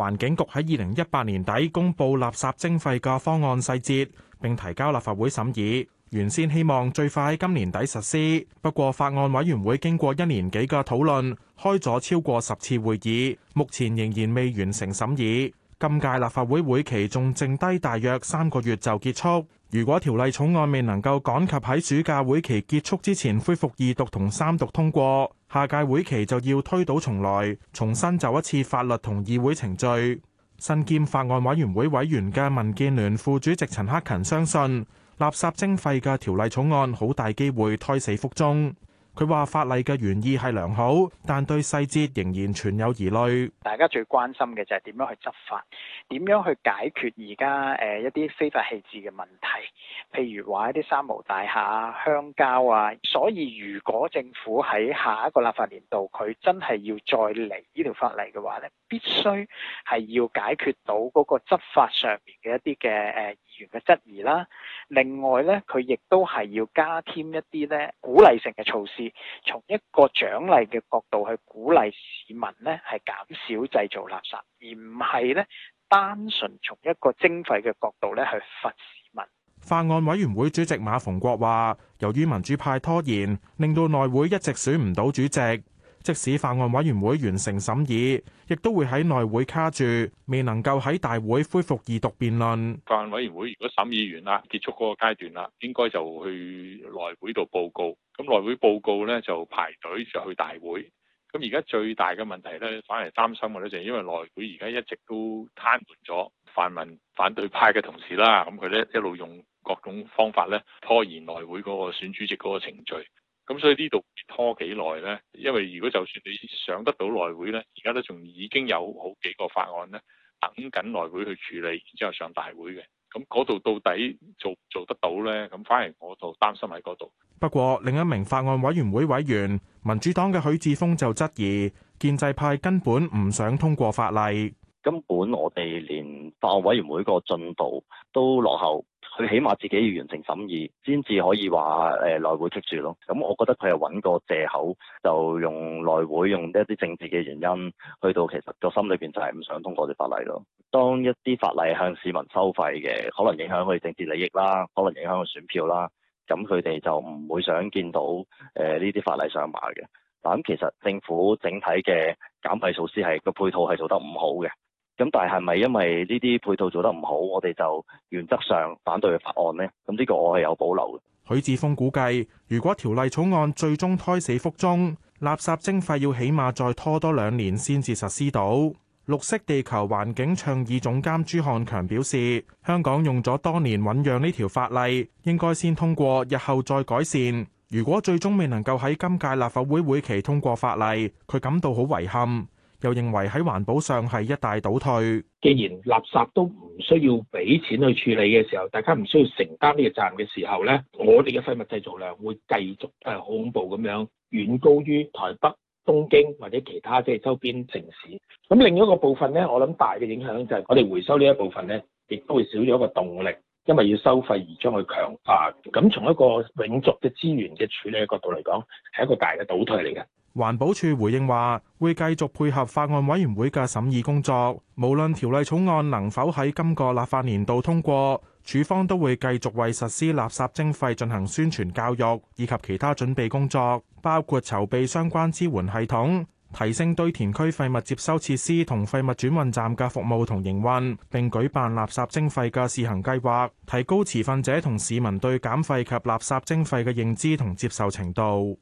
環境局喺二零一八年底公佈垃圾徵費嘅方案細節，並提交立法會審議。原先希望最快今年底實施，不過法案委員會經過一年幾嘅討論，開咗超過十次會議，目前仍然未完成審議。今屆立法會會期仲剩低大約三個月就結束。如果條例草案未能夠趕及喺暑假會期結束之前恢復二讀同三讀通過，下屆會期就要推倒重來，重新走一次法律同議會程序。身兼法案委員會委員嘅民建聯副主席陳克勤相信，垃圾徵費嘅條例草案好大機會胎死腹中。佢話法例嘅原意係良好，但對細節仍然存有疑慮。大家最關心嘅就係點樣去執法，點樣去解決而家誒一啲非法棄置嘅問題，譬如話一啲三無大廈啊、鄉郊啊。所以如果政府喺下一個立法年度佢真係要再嚟呢條法例嘅話咧，必須係要解決到嗰個執法上面嘅一啲嘅誒議員嘅質疑啦。另外咧，佢亦都係要加添一啲咧鼓勵性嘅措施，從一個獎勵嘅角度去鼓勵市民咧，係減少製造垃圾，而唔係咧單純從一個徵費嘅角度咧去罰市民。法案委員會主席馬逢國話，由於民主派拖延，令到內會一直選唔到主席。即使法案委員會完成審議，亦都會喺內會卡住，未能夠喺大會恢復二讀辯論。法案委員會如果審議完啦，結束嗰個階段啦，應該就去內會度報告。咁內會報告咧就排隊就去大會，咁而家最大嘅問題咧，反而擔心嘅咧就係因為內會而家一直都癱瘓咗泛民反對派嘅同事啦，咁佢咧一路用各種方法咧拖延內會嗰個選主席嗰個程序。咁所以呢度拖幾耐咧？因為如果就算你上得到內會咧，而家都仲已經有好幾個法案咧，等緊內會去處理，然之後上大會嘅。咁嗰度到底做做得到咧？咁反而我就擔心喺嗰度。不過另一名法案委員會委員民主黨嘅許智峰就質疑建制派根本唔想通過法例，根本我哋連法案委員會個進度都落後。佢起碼自己要完成審議，先至可以話誒、呃、內會篩住咯。咁、嗯、我覺得佢係揾個借口，就用內會用一啲政治嘅原因，去到其實個心裏邊就係唔想通過啲法例咯。當一啲法例向市民收費嘅，可能影響佢哋政治利益啦，可能影響佢選票啦，咁佢哋就唔會想見到誒呢啲法例上馬嘅。但其實政府整體嘅減廢措施係個配套係做得唔好嘅。咁但係係咪因為呢啲配套做得唔好，我哋就原則上反對個法案呢？咁、這、呢個我係有保留嘅。許智峰估計，如果條例草案最終胎死腹中，垃圾徵費要起碼再拖多兩年先至實施到。綠色地球環境倡議總監朱漢強表示，香港用咗多年醞釀呢條法例，應該先通過，日後再改善。如果最終未能夠喺今屆立法會會期通過法例，佢感到好遺憾。又認為喺環保上係一大倒退。既然垃圾都唔需要俾錢去處理嘅時候，大家唔需要承擔呢個責任嘅時候呢，我哋嘅廢物製造量會繼續誒好、呃、恐怖咁樣，遠高於台北、東京或者其他即係、就是、周邊城市。咁另一個部分呢，我諗大嘅影響就係我哋回收呢一部分呢，亦都會少咗一個動力，因為要收費而將佢強化。咁從一個永續嘅資源嘅處理嘅角度嚟講，係一個大嘅倒退嚟嘅。環保署回應話，會繼續配合法案委員會嘅審議工作，無論條例草案能否喺今個立法年度通過，署方都會繼續為實施垃圾徵費進行宣傳教育以及其他準備工作，包括籌備相關支援系統，提升堆填區廢物接收設施同廢物轉運站嘅服務同營運，並舉辦垃圾徵費嘅試行計劃，提高持份者同市民對減廢及垃圾徵費嘅認知同接受程度。